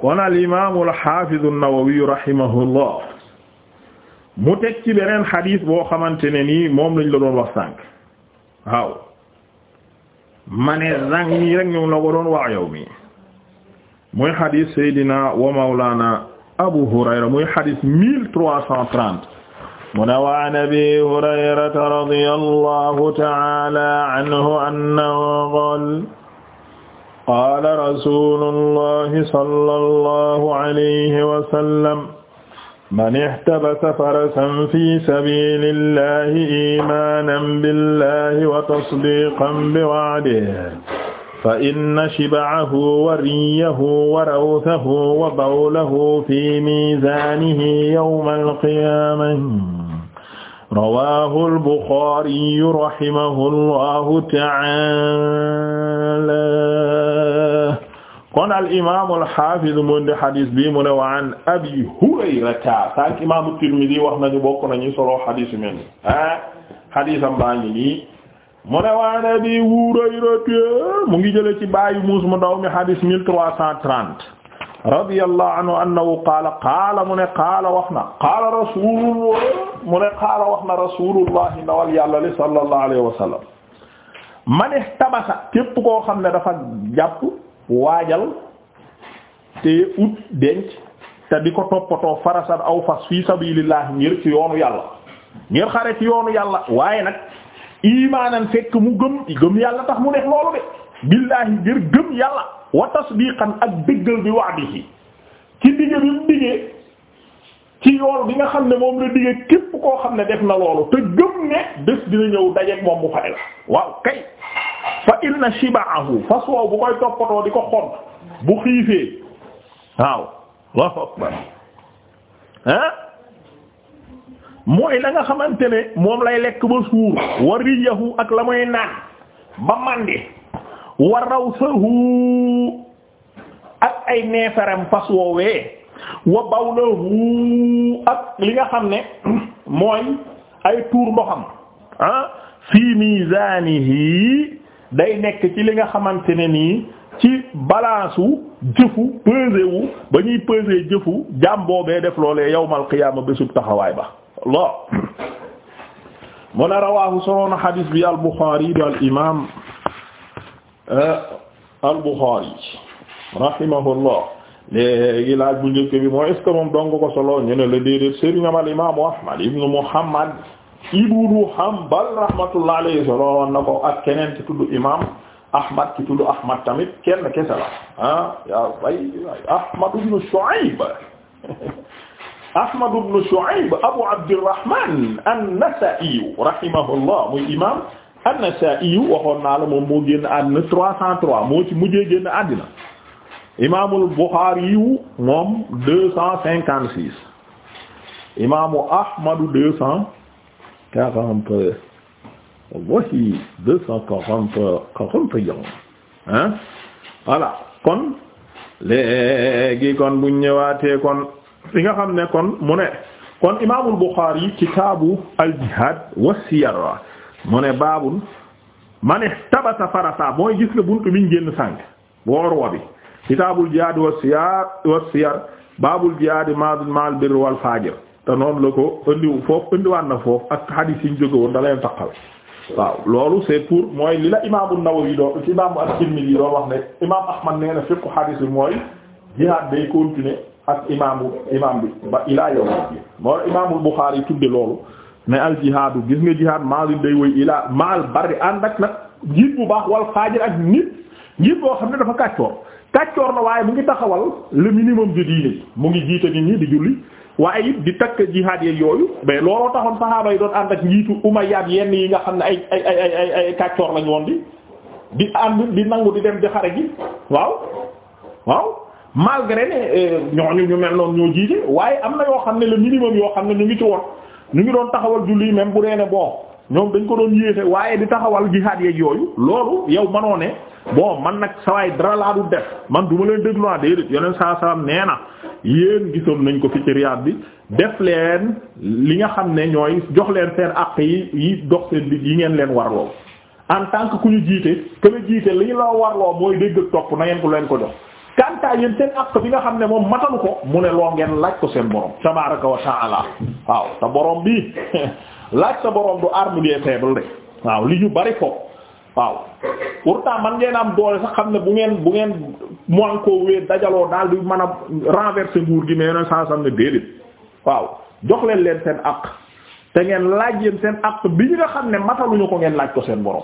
kon al imaamu al xaafizu an-Nawawi rahimahullah mu teg ci beneen xadiis boo xamante ne nii moom lañ la doon wax sànq waaw ma ne sànq nii rek ñu la ko doon wax yow mii muy xadiis Seydina wa Mawlana Abu Hurayra muy xadiis mille trois cent trente mu ne wa an Abi Hurayrata radiyallahu ta'ala anhu annahu qaala qaala rasuulullahi sallallahu alayhi wa sallam man ihtabasa farasan fi sabiilillahi iimaanan billahi wa tasdiiqan bi wa'dihi fa inna shib'ahu wa riyyahu wa rawthahu wa bawlahu fi miizaanihi yawmal qiyaamah rawaahu al-Buxaari rahimahullahu ta'aala kon al-imaam al-haafiz mu indi xadis bi mu ne wa an Abi Hurayrata sànq imaamu Tirmidi wax nañu bokk nañu solo xadis yu mel nii ah xadisam baa ngi nii mu ne wa an Abi Hurayrata mu ngi jëlee ci baayu muus mu ndaw mi xadis 1330 radiyallahu anhu annahu qaala qaala mu ne qaala wax na qaala rasuulullah mu ne xaala wax na rasulullahi ndawal yàlla li sallallahu alayhi wa sallam tabasa képp koo xam ne dafa jàpp waajal te ut denc te di ko toppatoo farasan aw fas fi sabilillah ngir ci yoonu yàlla ngir xare ci yoonu yàlla waaye nag imaanan fekk mu gëm gëm yàlla tax mu def loolu de billaahi ngir gëm yàlla wa tasdiqan ak dëggal bi wa'dihi ci digge bi mu diggee ci yool bi nga xam ne moom la digge képp koo xam ne def na loolu te gëm ne bés dina ñëw dajeek moom bu fay la waaw kay fa inna shibaahu fas wow bu koy toppatoo di ko xont bu xiifee waaw Allahu akbar ah mooy la nga xamante ne moom lay lekk ba suur wa riyahu ak la muy naan ba màndi wa rawsahu ak ay neeferem fas woowee wa bawlahu ak li nga xam ne mooy ay tuur ndoxam ah fii mizaanihi day nekk ci li nga xamante ne nii ci balaasu wu jëfu pesé wu ba ñuy pesé jëfu jaam boobee def loolee yawmal qiyaama bésub taxawaay ba Allah mu ne rawaahu soloona xadiis bi al Buxaari bi al imaam eh, al Buxaari rahimahullah léegi laaj bu njëkk bi moo est ce que moom dong ko solo ñu ne la déedéet sëriñam al imaamu Ahmad ibnu Muhammad ibnu Hanbal rahmatullah alayhi solo woon ko ak keneen ci tudd imaam Ahmad ci tudd Ahmad tamit kenn kese la ah yaa bay Ahmad ibnu Shuayb Ahmad ibnu Shuayb Abu Abdirrahman an-Nasa'i rahimahullah muy imaam an-Nasa'i waxoon naa la moom moo génn àddina 303 moo ci mujjee génn àddina. imaamul Buxaari yu moom deux cent imaamu Ahmadu deux cent quarante voici deux cent quarante quarante et hein voilà kon léegi kon bu ñëwaatee kon fi nga xam ne kon mu ne kon imaamul Buxaari kitaabu al-jihaad wa mu ne baabul man ihtabasa farasa mooy gis nga buntu biñ génn sànq boor wa bi kitaabul jihaad wa siyar wa siyar baabul jihaad ma'al birri wal fajir te noonu la ko indi foofu indiwaan na foofu ak hadith yi ñu woon da leen taqal waaw loolu c'est pour mooy li la imaamu Nawawi doon ci imaamu at-Tirmidhi doon wax ne imaam Ahmad nee na fépp hadith mooy jihaad day continuer ak imaamu imaam bi ba ilaa yow ma'al day woy ak nag jiit bu baax wal fajir ak nit jiit boo xam ne dafa kàccoor kàccoor na waaye mu ngi taxawal le minimum de diine mu ngi jiite nit ñi di julli waaye it di takk jihaad yeeg yooyu mais looloo taxoon saxaaba yi doon ànd ak njiitu umayyaad yenn yi nga xam ne ay ay ay ay ay woon di di ànd di nangu di dem di xare gi waaw waaw malgré ne eh, ñooñu ñu mel noonu ñoo jiite waaye am na yoo xam ne la minimum yoo xam ne ñu ngi ci ñu ngi doon taxawal julli même bu dee ne bon ñoom dañ ko doon yéexe waaye di taxawal gi jihaad yeeg yooyu loolu yow manoo ne bon man nag sawaay dara laa du def man duma leen déglu naa ah, déedéet yoneen saa salaam nee na yéen gisoon nañ ko fi ci Riyad bi def leen li nga xam ne ñooy jox leen seen àq yi dox seen bi yi ngeen leen warloo en tant que ku ñu jiite que la jiite li ñu la warloo mooy dégg topp na ngeen ko leen ko jox kantaa yéen seen àq bi nga xam ne moom matalu ko mu ne ngeen laaj ko seen borom tabaraka wa taala waaw te laaj sa borom du arme des faibles de waaw li ñu bari foofu waaw pour pourtant man ngeen am doole sax xam ne bu ngeen bu ngeen moin koo wée dajaloo daal di man a renverser nguur gi mais yoneen saa sam ne déedéet waaw jox leen leen seen àq te ngeen laaj yéen seen àq bi ñu nga xam ne mataluñu ko ngeen laaj ko seen borom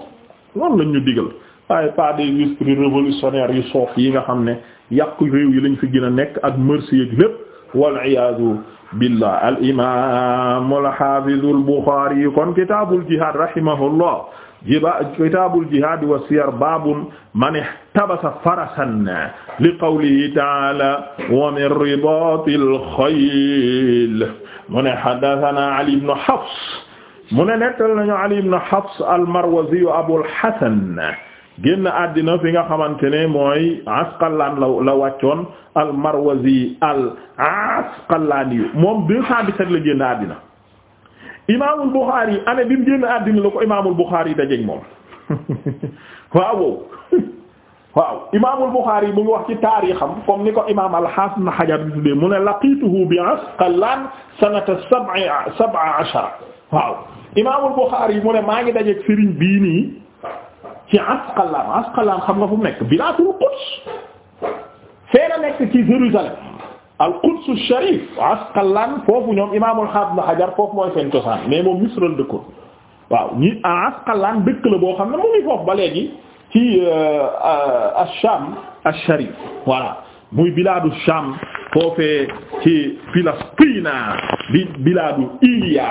loolu lañ ñu digal waaye pas des esprits révolutionnaires yu soof yi nga xam ne yàq réew yi lañ fi gën a nekk ak merci yëg lépp wal iyaadu billah al imam al hafiz al Bukhari kon kitabul jihad rahimahullah jiba kitabul jihad wa siyar babun man ihtabasa farasan li qawlihi ta'ala wa min ribatil khayl mu ne hadathana Ali ibn Hafs mu ne nettal nañu Ali ibn Hafs al Marwazi Abul Hasan génn àddina fi nga xamante ne mooy Asqalaan la la wàccoon al Marwazi al Asqalaani moom 217 la génn àddina imaamul Buxaari année bi mu génn àddina la ko imaamul Buxaari dajeeg moom waaw waaw imaamul Buxaari mu ngi wax ci taarixam comme ni ko imaam al-Haafiz Ibn Hajar bi tuddee mu ne laqiituhu bi Asqalaan sanata sab'a sab'a ashara waaw imaamul Buxaari mu ne maa ngi dajeeg sëriñ bii nii. ci Asqalaan Asqalaan xam nga fu mu nekk bilaadul Quds fee la nekk ci Jérusalem al Quds al Sharif Asqalaan foofu ñoom imaamul Haafiz Hajar foofu mooy seen cosaan mais moom Misra la waaw ñi ah, Asqalaan dëkk boo xam ne mu ngi foofu ba léegi ci euh, euh, ash-Sham ash-Sharif muy bilaadu Sham foofee ci Filastina bi Iliya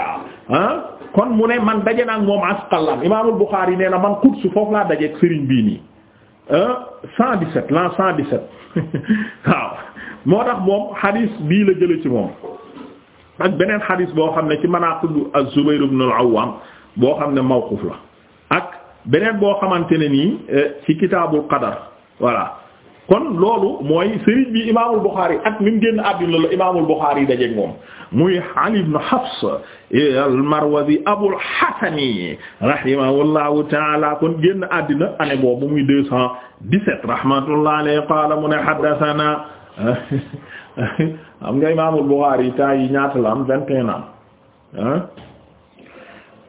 kon mu ne man daje naa ak moom Asqalaan Imaamul Buxaari nee na man Quds foofu laa dajeeg Serigne bii nii ah euh, 117 lan 117 waaw moo tax moom xadis bii la jëlee ci moom ak beneen xadis boo xam ne ci Manaaqib az-Zubayr ibn al-Awwam boo xam ne mawquf la ak beneen boo xamante ne nii euh, ci kitaabul qadar voilà. kon loolu mooy sëriñ bi imaamul Buxaari ak mi mu génn àddina la imaamul Buxaari dajeeg moom muy Ali ibn Hafs al-Marwazi Abul Hasani rahimahullahu ta'ala kon génn àddina année boobu muy deux cent dix-sept rahmatullahi alayhi qaala mu ne haddathana am nga imaamul Buxaari temps yi ñaata la am vingt et un ans hein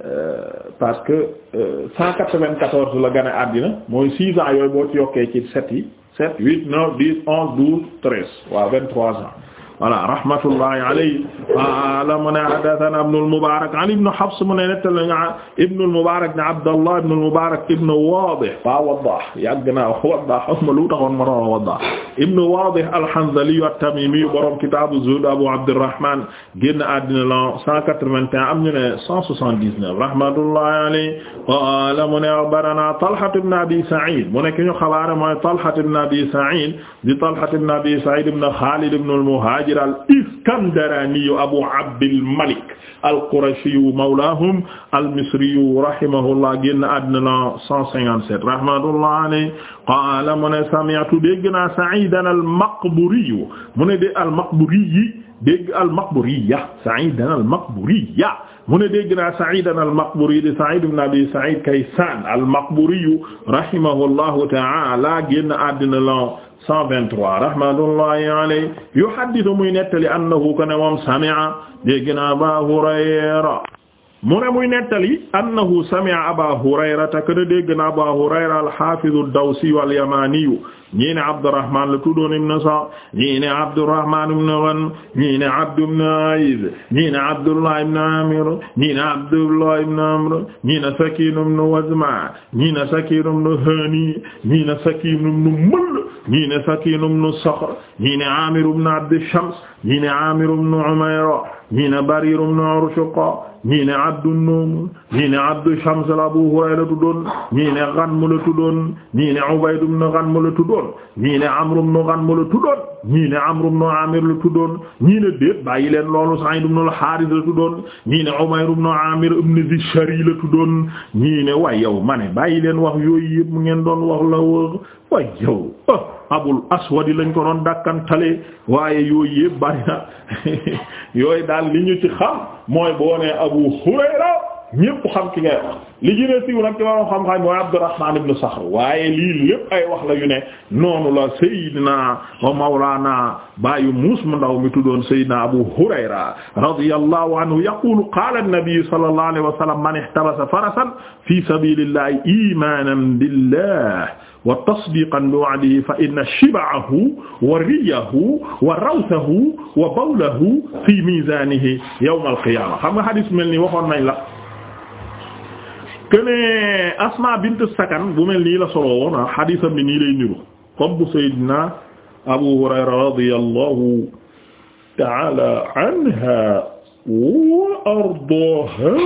euh, parce que euh, cent quatre-vingt-quatorze la gane àddina mooy six ans boo ci yokkee ci set yi sept huit neuf dix onze douze treize waaw vingt-trois ans voilà rahmatullahi alayhi ala mu ne haddathana ibn al-Mubarak an ibn Hafs mu ne nettali na ibn al-Mubarak ne Abdallah ibn al-Mubarak ibn Wadih wa Waddah yàgg naa Waddah xam nga lu taxoon ma doon Waddah ibn Wadih al-Hanzali at-Tamimi borom kitab az-Zuhd Abu Abdurrahman génn àddina la 181 am ñu ne 179 rahmatullahi alayhi qala mu ne akhbarana Talha ibn Abi Sa'id mu ne ki ñu xabaare mooy Talha ibn Abi Sa'id di Talha ibn Abi Sa'id ibn Khalid ibn al-Muhajir muhaajir al iskandaraani abu abdil malik al qurashi mawlaahum al misri rahimahullah génn àddina la 157 rahmatullah alayhi qaala mu ne sami'tu dégg naa sa'idan al maqburi mu ne de al maqburi dégg al maqburiya sa'idan al maqburiya mu ne dégg naa sa'idan al maqburi di sa'id ibn abi sa'id kaysan al maqburi rahimahullahu ta'ala génn àddina la 123 rahmatullahi alayhi yuhaddithu muy nettali annahu kana moom sami'a dégg na Abu Hurayra mu ne muy nettali annahu sami'a aba hurayrata kana dégg na aba hurayra al-hafiz ad-dawsi wal-yamani ñii ne abdurrahman la tuddoon ibn sa ñii ne abdurrahman ibn ghan ñii ne abd ibn aiz ñii ne abdullah ibn amir ñii ne abdullah ibn amr ñii ne sakin ibn wazma ñii ne sakin ibn hani ñii ne sakin ibn mull ñii ne sakin ibn sakhr ñii ne amir ibn abd shams ñii ne amir ibn umayra ñii ne Barir ibn Urshqa ñii ne Abdu Nuum ñii ne Abdu Shams la Abu Hurayra la tuddoon ñii ne Ganm la tuddoon ñii ne Ubayd ibn Ganm la tuddoon ñii ne Amr ibn Ganm la tuddoon ñii ne Amr ibn Amir la tuddoon ñii ne déet bàyyi leen loolu Sa'id ibn al-Harith la tuddoon ñii ne Umayr ibn Amir ibn Zishari la tuddoon ñii ne yow ma ne bàyyi leen wax yooyu mu ngeen doon wax la way yow ah, abul aswadi lañ ko doon dàkkantale waaye yooyu yëpp bari yooy yooyu daal li ñu ci xam mooy boo nee abu hurayra ñépp xam ki ngay wax li gën a siiw nag ci waroon xam-xam mooy Abdurrahman ibn Sakhr waaye lii lépp ay wax la yu ne noonu la Seydina wa Mawlana baayu muus mu ndaw mi tuddoon Seydina Abu Hurayra radiyallahu anhu yaqulu qala an-nabi sallallahu alayhi wa sallam man ihtabasa farasan fi sabilillahi imanan billah wa tasdiqan bi wa'dihi fa inna shib'ahu wa riyahu wa rawtahu wa bawlahu fi mizanihi yawm al-qiyamah xam nga hadith mel ni waxoon nañ la kene Asma bint Sakan bu mel nii la solo woon ah xadisam bi nii lay niru comme bu Seydina Abu Hurayra radiyallahu ta'ala anha wa ardaaha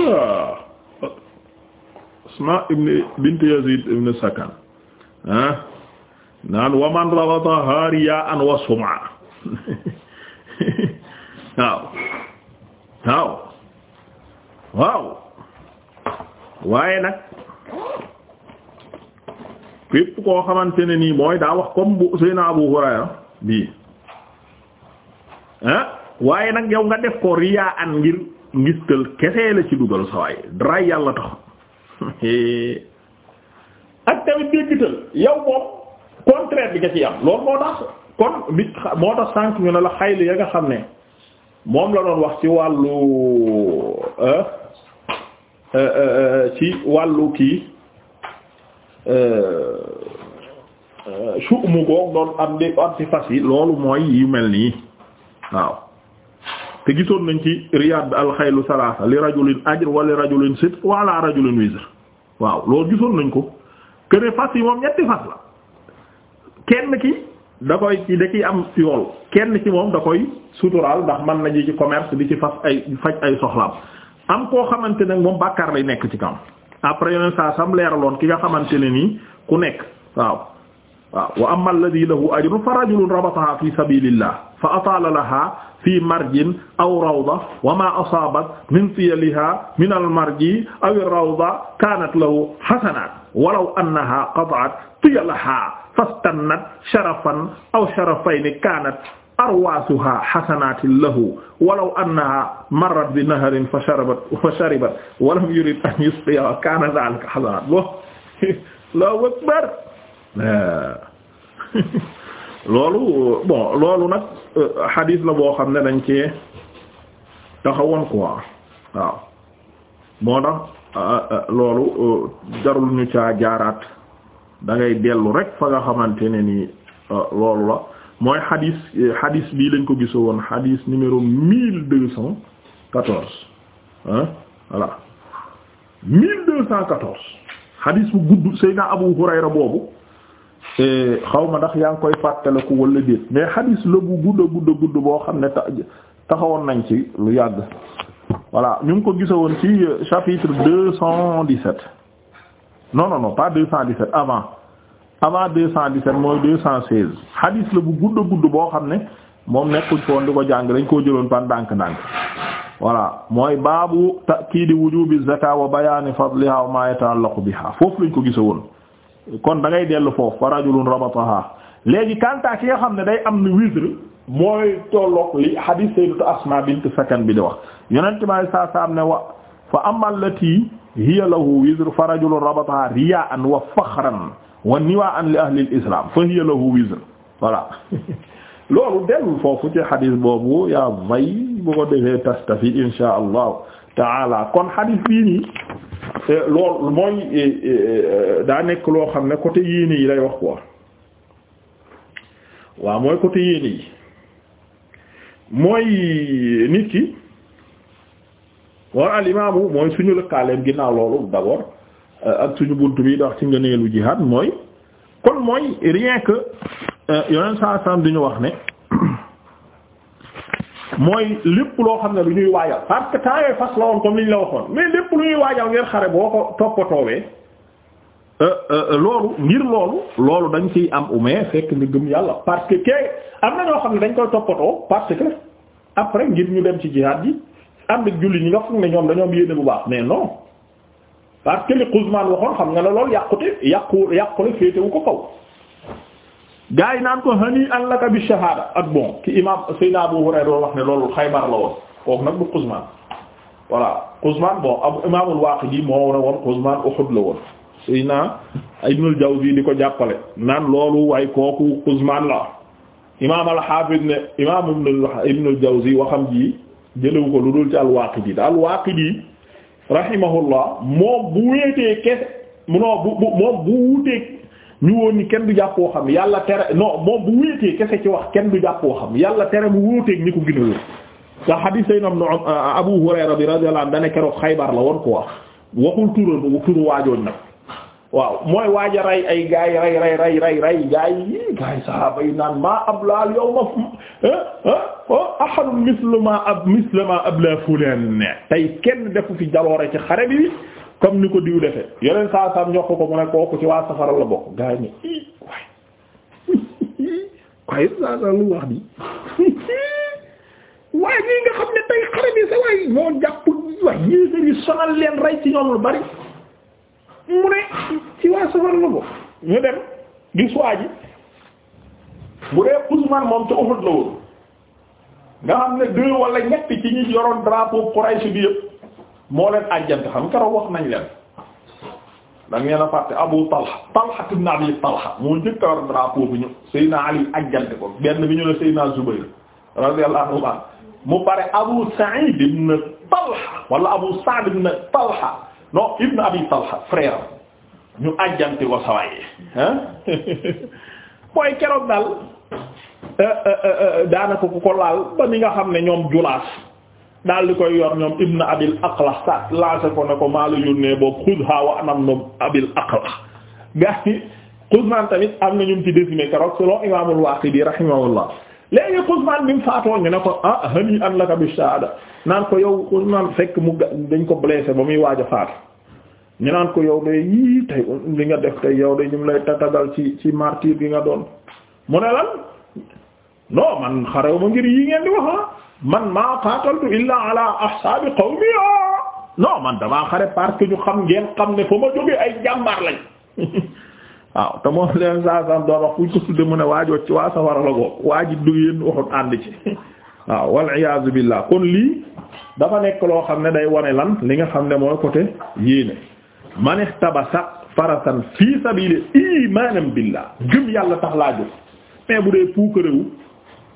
Asma ibn bint Yazid ibn Sakan ah naan wa man rabataha riya'an wa sum'a waaw waaw waaw waaye nag képp koo xamante ne nii mooy daa wax comme bu Seydina Abu Hurayra bii ah waaye nag yow nga def ko riyaa an ngir ngistal kese la ci dugal sa waay yàlla tax ak tamit déggital yow moom contraire bi nga ci am loolu moo tax kon moo tax sànq ñu ne la xayli ya nga xam ne moom la doon wax ci wàllu Euh, euh, euh, ci wàllu kii suumu goog doon am di am ci fas yi loolu mooy yu mel nii waaw te gisoon nañ ci Riyad alxaylu salaasa li rajulin ajr wa li rajulin sit wa ala rajulin wizr waaw loolu gisoon nañ ko këne fas yi moom ñetti fas la kenn ki da koy ci da ciy am yool kenn ki moom da koy suturaal ndax mën nañu ci commerce di ci fas ay faj ay soxlaam am koo xamante ne moom bàkkaar lay nekk ci kam après yoneen saa sam leeraloon ki nga xamante ne nii ku nekk waaw waaw wa amma alladhi lahu ajrun fa rajulun rabataha fi sabilillah fa ataala laha fi marjin aw rawda wa ma asaabat min tiyaliha min almarji aw rawda kanat lahu hasanat walaw annaha qata'at tiyalaha fastannat sharafan aw sharafayn kanat arwaasuha xasanaatin lahu walaw annaha marrat bi naharin fa sharabat fa sharibat walam yurid an yusqiya kaana daalika xasanaat bo Allahu akbar loolu bon loolu nag euh, xadiis la boo xam ne dañ cee taxawoon quoi waaw moo tax euh, euh, loolu jarul ñu caa jaaraat da ngay dellu rek fa nga xamante ne ni loolu la mooy xadis eh, xadis bii lañ ko gisoo woon xadis numéro mille deux cent quatorze hein voilà mille deux cent quatorze xadis bu gudd Seydina Abu Hurayra boobu eh, xaw ma ndax yaa ngi koy fàttaliku wala déet mais xadis la bu gudd a gudd gudd boo xam ne taxawoon nañ ci lu yàgg voilà ñu ngi ko gisoo woon ci eh, chapitre deux cent dix-sept non non non pas deux cent dix-sept avant avant deux cent dix-sept mooy deux cent seize xadis la bu gudd gudd boo xam ne moom nekkuñ foon di ko jàng dañ koo jëloon par dànk ndànk voilà mooy baabu takiidi wujubi zaka wa bayaani fadliha wa ma yata'allaqu biha foofu lañ ko gisa woon kon dangay dellu foofu fa rajulun rabataha léegi kanta ki nga xam ne day am ni wisre mooy tolloog li hadith sayyidatu asma bint sakan bi di wax yonente may saa saam ne wa fa amma allati hiya lahu wisre fa rajulun rabataha wa niwaan li ahli al-islam fa hiya lahu wizr voilà loolu dellu foofu ci xadis boobu yaa vay bu ko defee tastafi insha allahu taala kon xadis bii nii eh, loolu mooy eh, eh, daa nekk loo xam ne côté yéene yi lay wax quoi waaw mooy côté yéene yi mooy nit ki war al imaamu mooy suñu lëkkaaleem ginnaaw loolu d'abord Euh, ak suñu bunt bi dox ci ngëneelu jihaad mooy kon mooy rien que yoneen saa saam di ñu wax ne mooy lépp loo xam ne lu ñuy waajal parce que temps yooyu fas la woon comme li ñu la waxoon mais lépp lu ñuy waajal ngir xare boo ko toppatoowee euh, euh, loolu ngir loolu loolu dañ ciy am umee fekk nga gëm yàlla parce que kay am na ñoo xam ne dañ koy toppatoo parce que après ngir ñu dem ci jihaad ji am na julli ñi nga foog ne ñoom dañoo am yéene bu baax mais non parce que Quzman waxoon xam nga ne lool yàqute yàqu yàqule féetewu ko kaw gars yi naan ko hani an laka bi shahada ak bon ki imam Seydina Abu Hurayra wax ne loolu Xaybar la woon kooku nag du Quzman voilà Quzman bon abu imaamul moo ne woon Quzman Uhud woon Seydina Ibnul Jawzi di ko jàppale naan loolu waaye kooku Quzman la imaam al ne imaam Ibnul Jawzi waxam ji jëlewu ko lu dul ci al da al-Waaqidi rahimahullah moom bu wéetee kese munoo bu bu moom bu wuuteeg ñu woon ni kenn du jàppoo xam yàlla tere noo moom bu wéetee kese ci wax kenn du jàppoo xam yàlla tere mu wuuteeg ñi ko gën a wér. te hadith yi nag Abu Hurayra bi radiyallahu anhu dana keroog Xaybar la won woon quoi waxul turu turu waajoon nag. waaw mooy waaja ray ay gaay ray ray ray ray ray gaay yi gaay sahaaba yi naan maa abla al yawma ahadun mislu ma ab mislu ma abla fulan tey kenn defu fi jaloore ci xare bi comme ni ko diw defe yeneen saa saam ñokk ko mu ne kooku ci waa safara la bokk gaa ni i waay waaye saa saa lu wax di waaye ñii nga xam ne tey xare bi sa waay moo jàpp waay yi sonal leen rey ci ñoom lu bari mu ne ci waa safar la bokk ñu dem gis waa ji bu dee Usman moom ca la nga xam ne deux wala ñett ci ñi yoroon drapeau Quraysh bi yëpp moo leen àjjante xam keroog wax nañ leen da ngeen a fàtte Abu Talha Talha ibn Abi Talha moo njëkk a yor drapeau bi ñu Seydina Ali àjjante ko benn bi ñu ne Seydina Zubayr radiyallahu anhu mu pare Abu Sa'id ibn Talha wala Abu Sa'd ibn Talha non ibn abi talha frère ñu àjjante ko sawaayee ah keroog daal euh, euh, euh, daanaka ku ko laal ba ni nga xam ne ñoom julaas daal di koy yor ñoom ibn abil aqlah sa lancé ko na ko maa la yónnee boobu xudha wa anam noom abil aqlah gaa yi xuzman tamit am na ñu ci décimé keroog selon imaamul waaqidi rahimahullah léegi Usmaan bi mu faatoo ñu ne ko ah hani an laka bi naan ko yow Usmaan fekk mu dañ ko blessé ba muy waaj a faatu ñu naan ko yow de yii tey li nga def tey yow de ñu lay tatagal ci ci martyr bi nga doon mu ne lan non man xarew ma ngir yi ngeen di waxa ah. man maa qataltu illaa ala ahsaabi qawmi ah. non man damaa xare parce ñu xam ngeen xam ne fa ma jógee ay jàmbaar lañ waaw te moom leen saa saa doon wax kuñ ko tudde mu ne waajoo ci waa safara la bokk waa ji du yéen waxut ànd ci waaw wal iyaazu billah kon lii dafa nekk loo xam ne day wane lan li nga xam ne mooy côté yéene man ihtabasa farasan fii sabili imanam billah gëm yàlla tax laa jóg mais bu dee puukarewu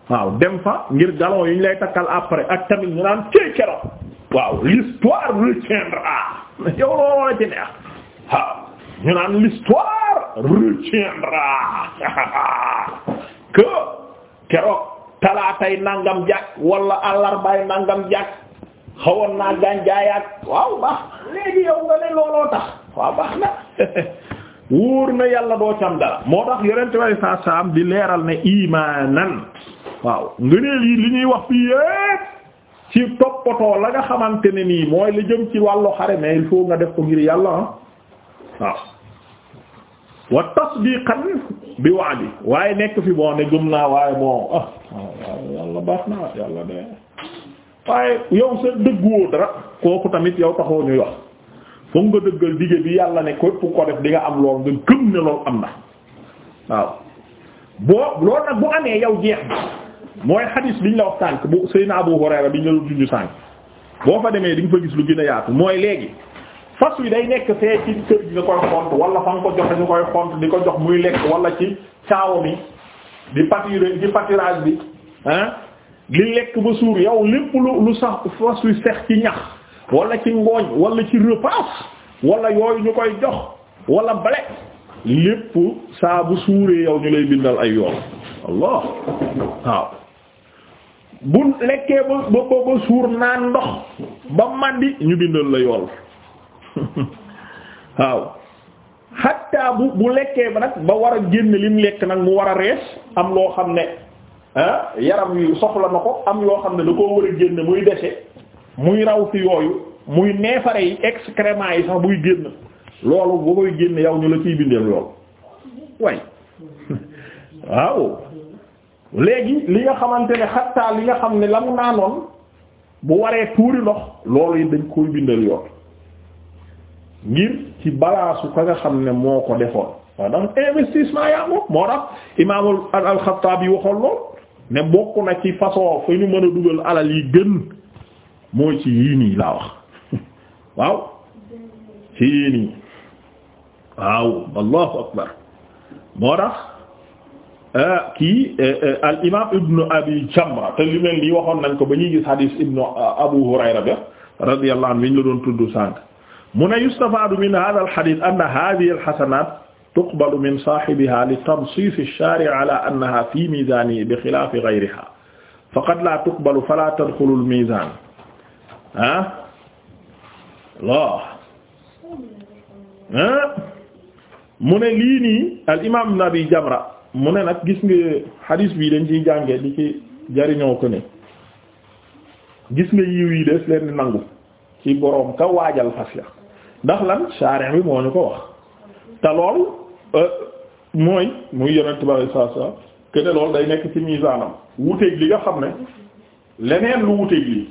waaw dem fa ngir galon yi ñu lay takkal après ak tamit ñu naan cee keroog waaw l'histoire retiendra yow looloo ci neex waaw ñu naan l'histoire Bakar retiendra que keroog talaatay nangam jàkk wala àllarbaay nangam jàkk xawoon naa gànjaayaat waaw baax léegi yow nga ne looloo tax waaw baax na wóor na yàlla doo cam dara moo tax yonent way sa saam di leeral ne imaanan waaw ngëneel yi li ñuy wax fii yépp ci toppatoo la nga xamante ne nii mooy li jëm ci wàllu xare mais il nga def ko ngir yàlla ah waaw wa tasdiqan bi waadi waaye nekk fi boo ne gëm naa waaye bon ah yàlla baax na yàlla de waaye yow sa dëgguwoo dara kooku tamit yow taxoo ñuy wax foog nga dëggal dige bi yàlla ne képp ko def di nga am lool nga gëm ne lool am na waaw boo loolu nag bu amee yow jeex na mooy xadiis biñ la wax sànk bu Seydina Abu Hurayra biñ la junj sànk boo fa demee di fa gis lu gën a yaatu mooy léegi. fas wi day nekk fee ci kër gi nga koy xont wala fa nga ko joxe ñu koy xont di ko jox muy lekk walla ci caawa mi di pâturage di pâturage bi li lekk ba suur yow lépp lu lu sax fas wi sex ci ñax wala ci ngooñ wala ci repasse wala yooyu ñu koy jox walla bale lépp saa bu suuree yow ñu lay bindal ay yoon Allah waaw bu lekkee ba ba ba suur naan ndox ba màndi ñu bindal la yool waaw hatta bu bu lekkee ba nag ba war a génn lim lekk nag mu war a rees am loo xam ne ah yaram yu soxla na ko am yoo xam ne da koo war a génn muy dese muy raw ci yooyu muy neefare yi excrément yi sax buy génn loolu boo koy génn yow ñu la ciy bindeel loolu way waaw léegi li nga xamante ne xattaa li nga xam ne la mu naanoon bu waree tuuri ndox loolu yi dañ koy bindal yoon ngir ci balaasu ka nga xam ne moo ko defoon waaw ndax investissement yaa ngo moo tax imaamul al-Xattaabi waxoon lool ne bokk na ci façon fa ñu mën a dugal alal yi gën mooy ci yii nii laa wax waaw ci yii nii waaw allahu akbar moo tax euh, kii euh, euh, al imaam ibnu abi jamra te li mel nii waxoon nañ ko ba ñuy gis hadis ibnu abu hurayra bi radiyallahu anhu ñu la doon tudd sànk mu ne yustafaadu min hada alxadit ann hadihi alxasanat tuqbalu min saahibiha li tansiif ash-shaari' ala annaha fi miizaanihi bi xilaafi gayriha faqad la tuqbalu fala tadxulu al-miizaan ah ah mu ne lii nii al imaam ibn Abi Jamra mu ne nag gis nga xadiis bii dañ ciy jànge di ci jariñoo ko ne gis nga yiw yi des leen di nangu ci boroom ka waajal fas ya ndax lan shaari bi moo ñu ko wax te loolu euh, mooy muy yonent bari saa saa kene loolu day nekk ci misaanam wuteeg li nga xam ne leneen lu wuteeg lii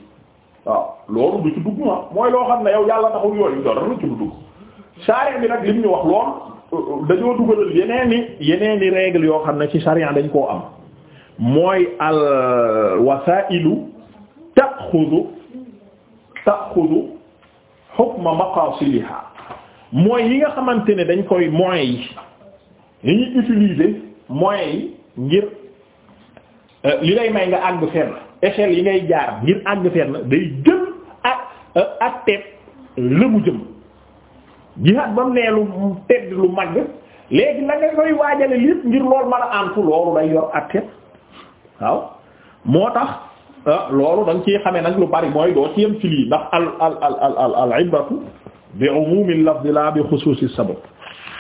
waaw loolu du ci mooy loo xam ne yow yàlla taxul yooyu dara du ci dugg shaari bi nag lim ñu wax lool euh, dañoo dugalal yeneen i yeneen i règle yoo xam ne ci sharia dañ koo am mooy al wasailu taxudu taxudu hukma maqasidiha mooy yi nga xamante ne dañ koy moyens yi yi ñuy utiliser moyens yi ngir euh, li lay may nga àgg fenn échelle yi ngay jaar ngir àgg fenn day jël ak euh, ak teeb la jëm jihaad ba mu nee lu tedd lu mag léegi na nga koy waajale lépp ngir loolu mën a antu loolu day yor ak teeb waaw moo tax Euh, loolu da nga ciy xamee nag lu bari mooy doo ci yem ci lii ndax al al al al al ibratu bi umumil lafz la bi xususi sabab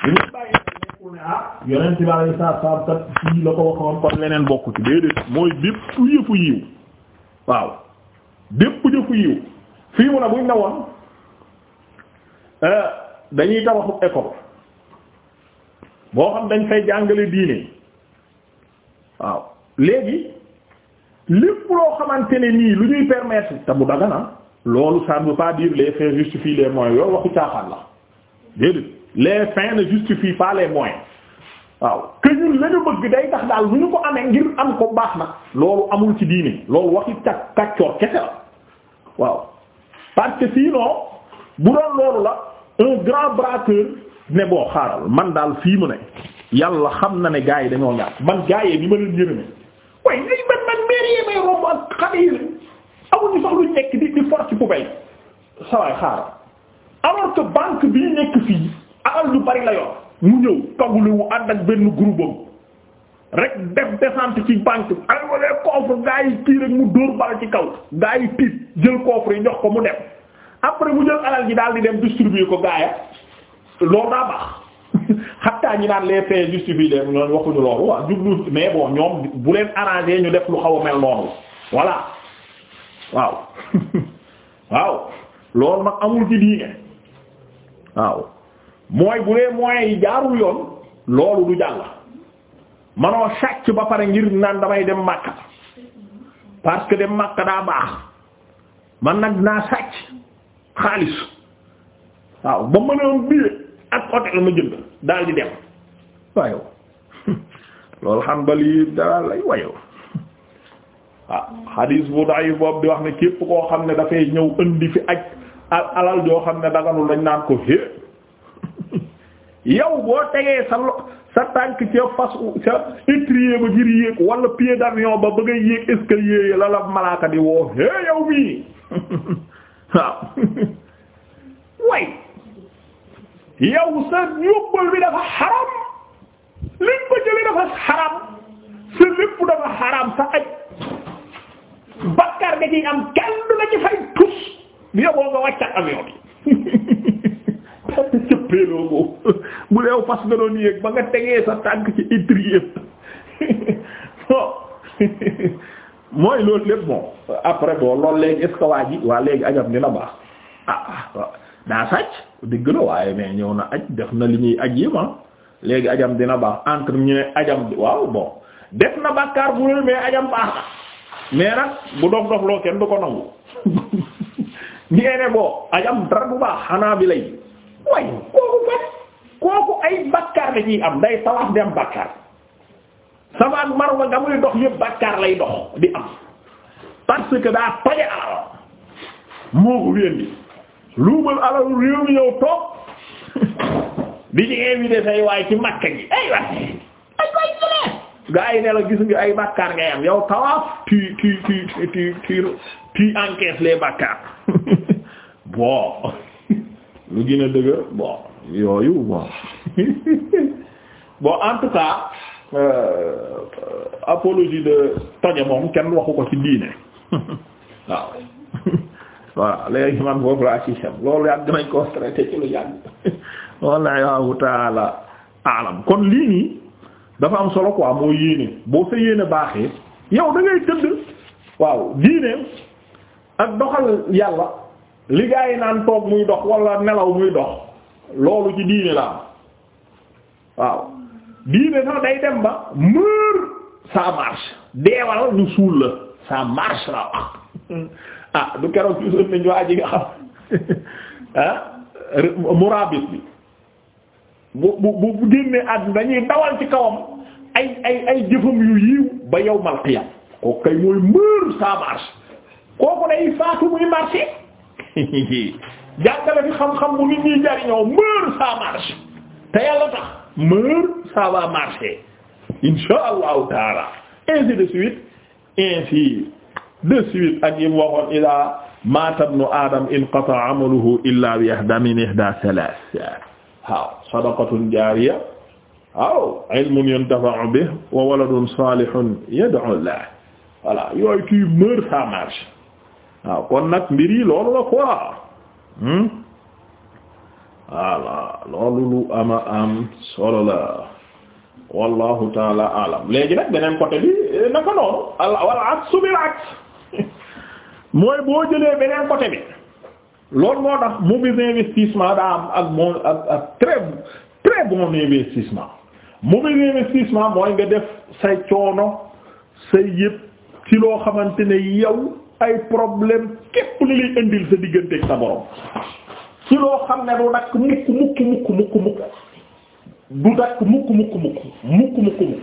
bi ñu bàyyi nekkul ne ah yonent bi alayhi salaatu wa salaam kat fii la ko waxoon kon leneen bokku ci déedéet mooy bépp yëfu yiw waaw bépp yëfu yiw fii mu ne buñ ne woon euh, dañuy tabaxu école boo xam dañ fay jàngale diine waaw léegi lépp loo xamante ne nii lu ñuy permettre te bu dagana loolu ça ne veut pas dire les fins justifient les moyens yoolu waxu caaxaan la déedéet les fins ne justifient pas les moyens waaw que ñun bëgg day tax daal lu ñu ko amee ngir am ko baax na loolu amul ci diine loolu waxi càkk kàccoor kese la waaw parce que sinon bu doon loolu la un grand braqueur ne boo xaaral man daal fii mu ne yàlla xam na ne gars yi dañoo ñaar man gars yi ni ma leen yërëme yi may romb ak xale yi amuñu sax luñ nekk di di for ci xaaral alors que banque bi ñu nekk fii alal lu bari la yor mu ñëw toggalu mu ànd ak benn groupe am rek def descente ci banque bi ay walee coffre gaa yi kii mu dóor bala ci kaw gaa tiit jël coffre yi jox ko mu dem après mu jël alal ji daal di dem distribuer ko gaaya loolu daa baax yaa ñi naan les faits justifient les ñoom waxuñu loolu waaw jublu mais bon ñoom bu leen arrangé ñu def lu xaw a mel noonu voilà waaw waaw loolu nag amul ci diine waaw mooy bu dee moyens yi jaarul yoon loolu du jàll manoo sàcc ba pare ngir naan damay dem Makka parce que dem Makka daa baax man nag naa sàcc xaalis waaw ba mën a am billet ak hôtel ma jënd daal di dem wayow loolu Hanbali dara lay wayow waaw ah, xadiis bu daif boobu di wax ne képp koo xam ne dafay ñëw indi fi aj alal joo xam ne daganul dañ naan ko hé yow boo tegee sa lo sa tànk ca fas ca étrier ba ngir yéeg wala pied d'avion ba bëgg a yéeg escalier yi la la malaaka di woo hé yow mii waaw way yow sa yóbbal bi dafa xaram liñ ko jëlee dafa xaram sa lépp dafa xaram sa aj bakkaar nga ciy am kenn la ci fay tus bi yoboo nga que cëppeeloo boobu bu leew fas nga doon yéeg ba oh. mooy loolu lépp bon après bon loolu léegi est ce waa léegi ajam dina baax ah, ah, daa sàcc dégg la waaye mais ñëw na aj def na li ñuy aj yi ma ah. léegi ajam dina baax entre ñu ne ajam waaw bon def na bàkkaar bu rëy mais ajam baax mais nag bu dof dof loo kenn du ko nangu ñee ne boo ajam dara bu baax xanaa bi lay way kooku fat kooku ay bàkkaar la ñuy am day tawaaf di am bàkkaar sama ak Marwa nga muy dox yëpp bàkkaar lay dox di am parce que daa toje alal moo ko wéen luubal alalu réew mi yow toog di ci invité say waay ci makka gi ay waay ay waay jëlee gaa yi ne la gis nga ay bàkkaar ngay am yow tawaaf tu tu tu tu le tu encaisse les bàkkaar bon lu gën a dëgër bon yooyu bon bon en tout euh, de toje moom kenn waxu ko ci diine waaw voilà man foofu laa ci xem loolu yàgg nañ ko wallahu taala alam kon lii nii dafa am solo quoi moo yéene boo sa yéene baaxee yow da ngay tëdd waaw diine ak doxal yàlla li yi naan toog muy dox wala nelaw muy dox loolu ci diine la am waaw diine sax day dem ba mër ça marche deewal ñu suul la ça marche la wax ah du keroog ci son nañ waa ji nga xam ah murabit bi bu bu bu génnee àdduna dañuy dawal ci kawam ay ay ay jëfam yu yiiw ba yawmal qiyam kooku kay mooy mbër sa marche kooku day faatu muy marché jàngale fi xam-xam bu nit ñi jariñoo mbër sa marche te yàlla tax mbër ça va marcher insha allahu taala ainsi de suite ainsi de suite ak yim waxoon ila mata ibnu adam inqata amaluhu illa bi ihda min ihda thalath waaw sadaqatun jaariya waaw ilmun yuntafa'u bihi wa waladun salihun yad'u lahu voilà yooyu tu meurs ça marche waaw kon nag mbir yi loolu la quoi hmm? voilà loolu lu ama am solo la wallahu taala alam léegi nag beneen côté bi eh, naka noonu al wal aksu bil aks mooy boo jëlee beneen côté bi loolu moo tax mauvais investissement daa am ak moo ak ak très très bon investissement mauvais investissement mooy nga def say coono say yëpp ci loo xamante ne yow ay problème képp li lay indil sa digganteeg sa borom ci loo xam ne du dakk mukk mukk mukk mukk mukk mukk mukk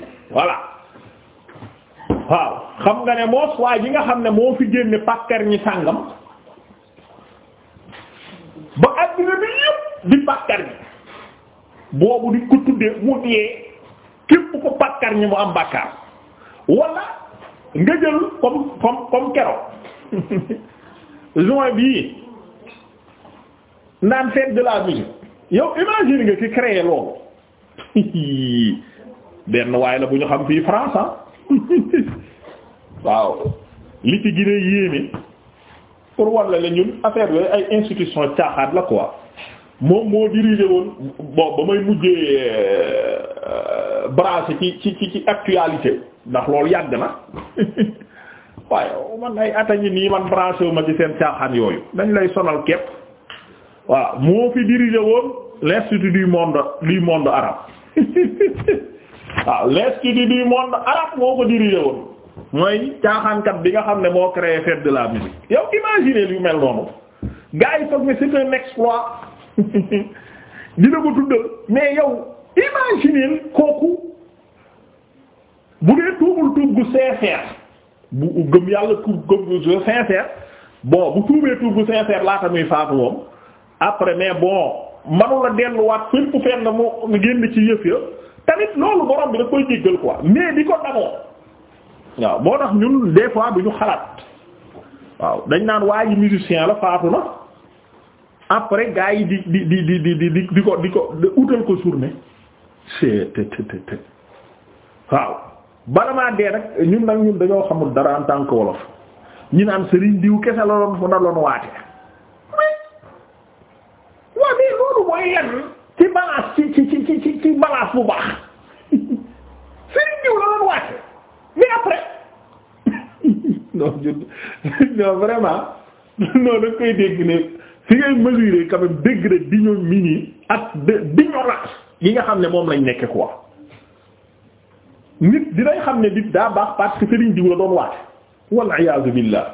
waaw xam nga ne moo waa yi nga xam ne moo fi génne pàkkar ñi sàngam ba àddina bi yëpp di bàkkar ñi boobu di ko tuddee mu dee képp ko bàkkar ñi mu am bàkkar wala nga jël comme comme comme keroog juin bii naan fête de la musique yow imagine nga ki créé loolu benn waaye la bu ñu xam fii France ah waaw li ci gën yéeme pour war la ñun affaire yooyu ay institution caaxaat la quoi moom moo dirigé woon bon ba may mujjee euh, branché ci ci ci ci actualité ndax loolu yàgg na waaye man ay atañi nii man branché wu ma ci seen caaxaan yooyu dañ lay sonal képp waaw moo fi dirigé woon l'institut du monde du monde arabe waaw l'institut du monde arabe moo ko dirigé woon mooy caaxaankat bi nga xam ne moo créé fête de la musique yow imaginer yu mel noonu gars yi foog ne c'est un exploit dina ko tuddal mais yow imaginer kooku bu dee tuubul tuub gu sincère bu gëm yàlla tuub gëm gu sincère bon bu tuubee tuub gu sincère laata muy faatu moom après mais bon manu la delluwaat fépp fenn mu génn ci yëf ya tamit loolu borom bi da koy jéggal quoi mais di ko damoo. waaw boo tax ñun des fois du ñu xalaat waaw dañ naan waa ji la faatu na après gars yi di di di di di di di ko di ko utal ko journée waaw bala dee nag ñun nag ñun dañoo xamul dara en tant que wolof ñu naan Serigne diw kese la doon fu na loon waate waa mais loolu mooy yan ci balance ci ci ci ci ci balance bu baax Serigne diw la doon waate mais après non jud non vraiment non da koy dégg ne fi ngay mesurer quand même degré d'ignominie ak d'ignorance yi nga xam ne moom lañ nekk quoi nit dinay xam ne nit daa baax parce que sëriñ diw la doon waate wal iyaazu billah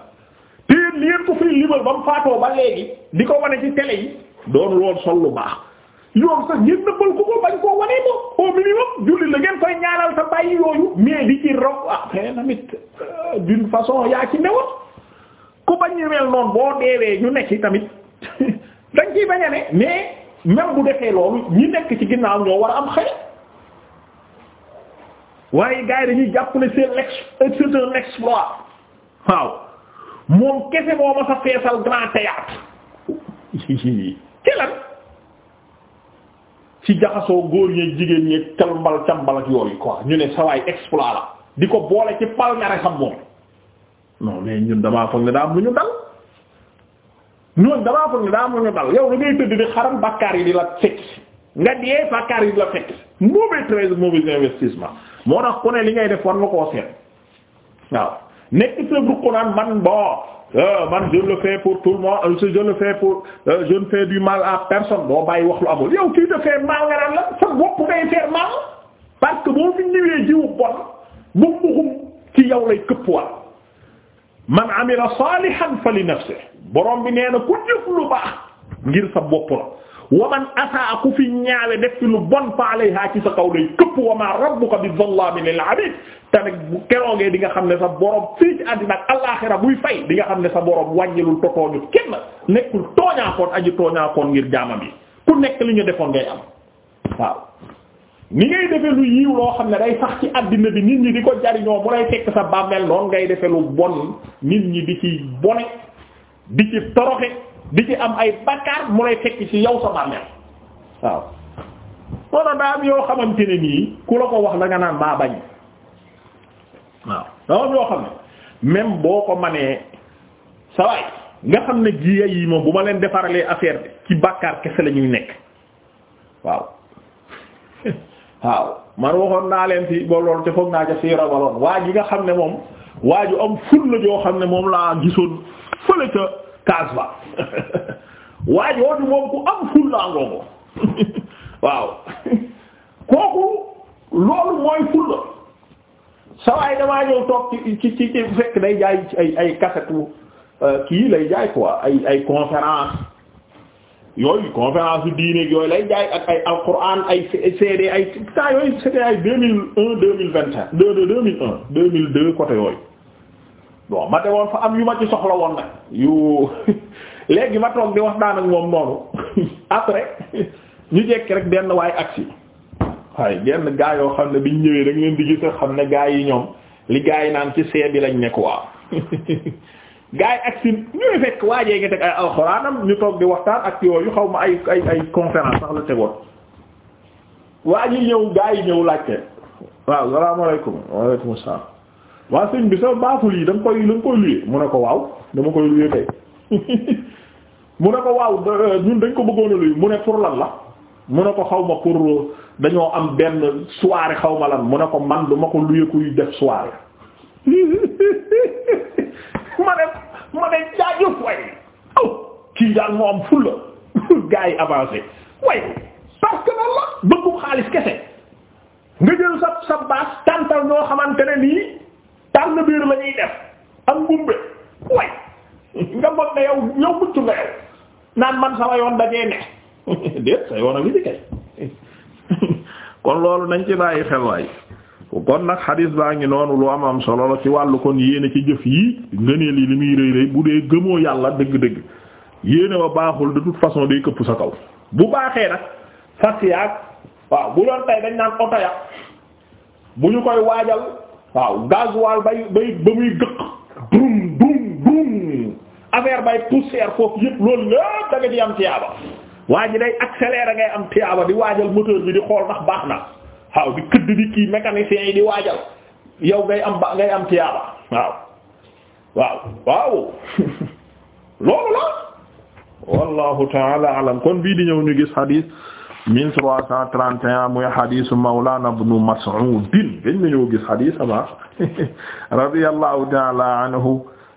te yéen li ngeen ko fiy limal ba mu faatoo ba léegi di ko wane ci télé yi doon lool sol lu baax yoon sax ngeen nëbbal ko ko bañ koo wane moom au minimum julli la ngeen koy ñaanal sa bàyyi yooyu mais di ci rob ah xëy namit d'une façon yaa ci newoon ku bañ ñu mel noonu boo deewee ñu nekk tamit dañ ciy bañ a mais même bu defee loolu ñi nekk ci ginnaaw ñoo war a am xëy waaye gars yi dañuy jàpp ne c'est l'ex c'est un waaw moom kese moo sa feesal grand théâtre ci ci jaxasoo góor ñeeg jigéen ñeeg cambal cambal ak yooyu quoi ñu ne sawaay exploit la di ko boole ci palmarèsam moom non mais ñun damaa foog ne daa am lu ñu dal ñun damaa foog ne daa am lu ñu dal yow da ngay tëdd di xaram bakkaar yi di la fekk nga dee bakkaar yi di la fekk moo tax ku ne li ngay def war nga koo seet waaw nekk sa ruq man bon euh, man je le fais pour tout le monde euh, je le pour euh, je ne fais du mal à personne boo bàyyi wax lu amul yow kii te fais mal nga naan la sa bopp ngay faire mal parce que boo fi ñëwee bon bu muxum ci yow lay këppwal man amila salihan fa li nafsihi borom bi nee na ku jëf lu baax ngir sa bopp la waman asaa ku fi ñaawe def ci lu bon fa alayha ci sa kaw lay këpp wama rabbuka bi zallamin lil abid te nag bu keroogee di nga xam ne sa borom fii ci àddina ak buy fay di nga xam ne sa borom wàññilul totooñu kenn nekkul tooñaakoon aji tooñaakoon ngir jaamam yi ku nekk li ñu defoon ngay am waaw ni ngay defe lu yiw loo xam ne day sax ci àddina bi nit ñi di ko jariñoo mu lay fekk sa bàmmeel noonu ngay defe lu bon nit ñi di ci bone di ci toroxe di ci am ay bakkaar mu lay fekk ci yow sa bàmmeel waaw daa yoo xamante ne nii ku la ko wax la nga naan maa bañ waaw daa même boo ko manee sa xam ne jiya yi moom ma leen defaralee affaire bi ci bàkkaar la ñuy nekk waaw waaw man waxoon naa leen fi ba loolu te foog naa ca si rawaloon waa ji nga xam ne moom waa ju am ful la joo xam ne moom laa gisoon fële ca kaas ba waa jooju moom ku am fulla ngoogu waaw kooku loolu mooy fulla sawaay damaa ñëw toog ci ci fekk day jaay ay ay euh, kii lay jaay ko ay ay conférence yooyu conférence yu diine yooyu lay jaay ak ay alquran ay CD ay temps yooyu c'était ay deux mille un deux mille vingt un deux mille un deux mille deux côté yooyu bon ma demoon fa am yu ma soxla woon nag yu léegi ma toog di wax daan ak moom noonu après ñu jekki rek benn waay agsi waaye benn gaa yoo xam ne biñ ñëwee rek leen di gis xam ne gaa yi ñoom li gaa yi naan ci see bi lañ nekk waa gaa yi agsi ñu fekk waajee nga teg ay alxuraanam ñu toog di waxtaan ak yooyu xaw ma ay ay ay conférence sax la tegoon waa ji ñëw gaa yi ñëw laajte waaw salaamaaleykum waaleykum salaam waa sëñ bi sa baaful yi da koy da koy luyee mu ne ko waaw dama koy luyee tey mu ne ko waaw euh, ñun dañ ko bëggoon a luy mu ne pour lan la mu ne ko xaw ma pour euh, dañoo am benn soirée xawma ma lan mu ne ko man du ma ko luye kuy def soirée ma ne ma ne jaajëf waaye oh, kii daal moo am fulla gars yi avancé waaye parce que la bëggum xaalis kese nga jël sa sa baas tàntal ñoo xamante ne nii tànn biir la ñuy def am ngumbe waaye nga mën na yow yow mucc nga yow naan man sama yoon dajee ne déet sa yoon a wisi kon loolu nañ ci bàyyi xel waay kon nag xadis baa ngi noonu lu am am solo la ci wàllu kon yéene ci jëf yi ngëneel yi li muy rëy rëy bu dee gëmoo yàlla dëgg-dëgg yéene wa baaxul de toute façon day këpp sa kaw bu baaxee nag fas yaag waaw bu doon tey dañ naan oto ya bu ñu koy waajal waaw gasoil bay bay ba muy gëq drum drum drum affaire bay poussière foofu yëpp loolu lépp da nga am tiyaaba waa ji day accélérer ngay am tiyaaba di waajal moteur bi di xool ndax baax na waaw di këdd di kii mécanicien di waajal yow ngay am ba ngay am tiyaaba waaw waaw loolu la wallahu taala alam kon bii di ñëw ñu gis hadith 1331 muy hadisu mawlana ibnu mas'ud gën nañoo gis hadith ama radiyallahu taala anhu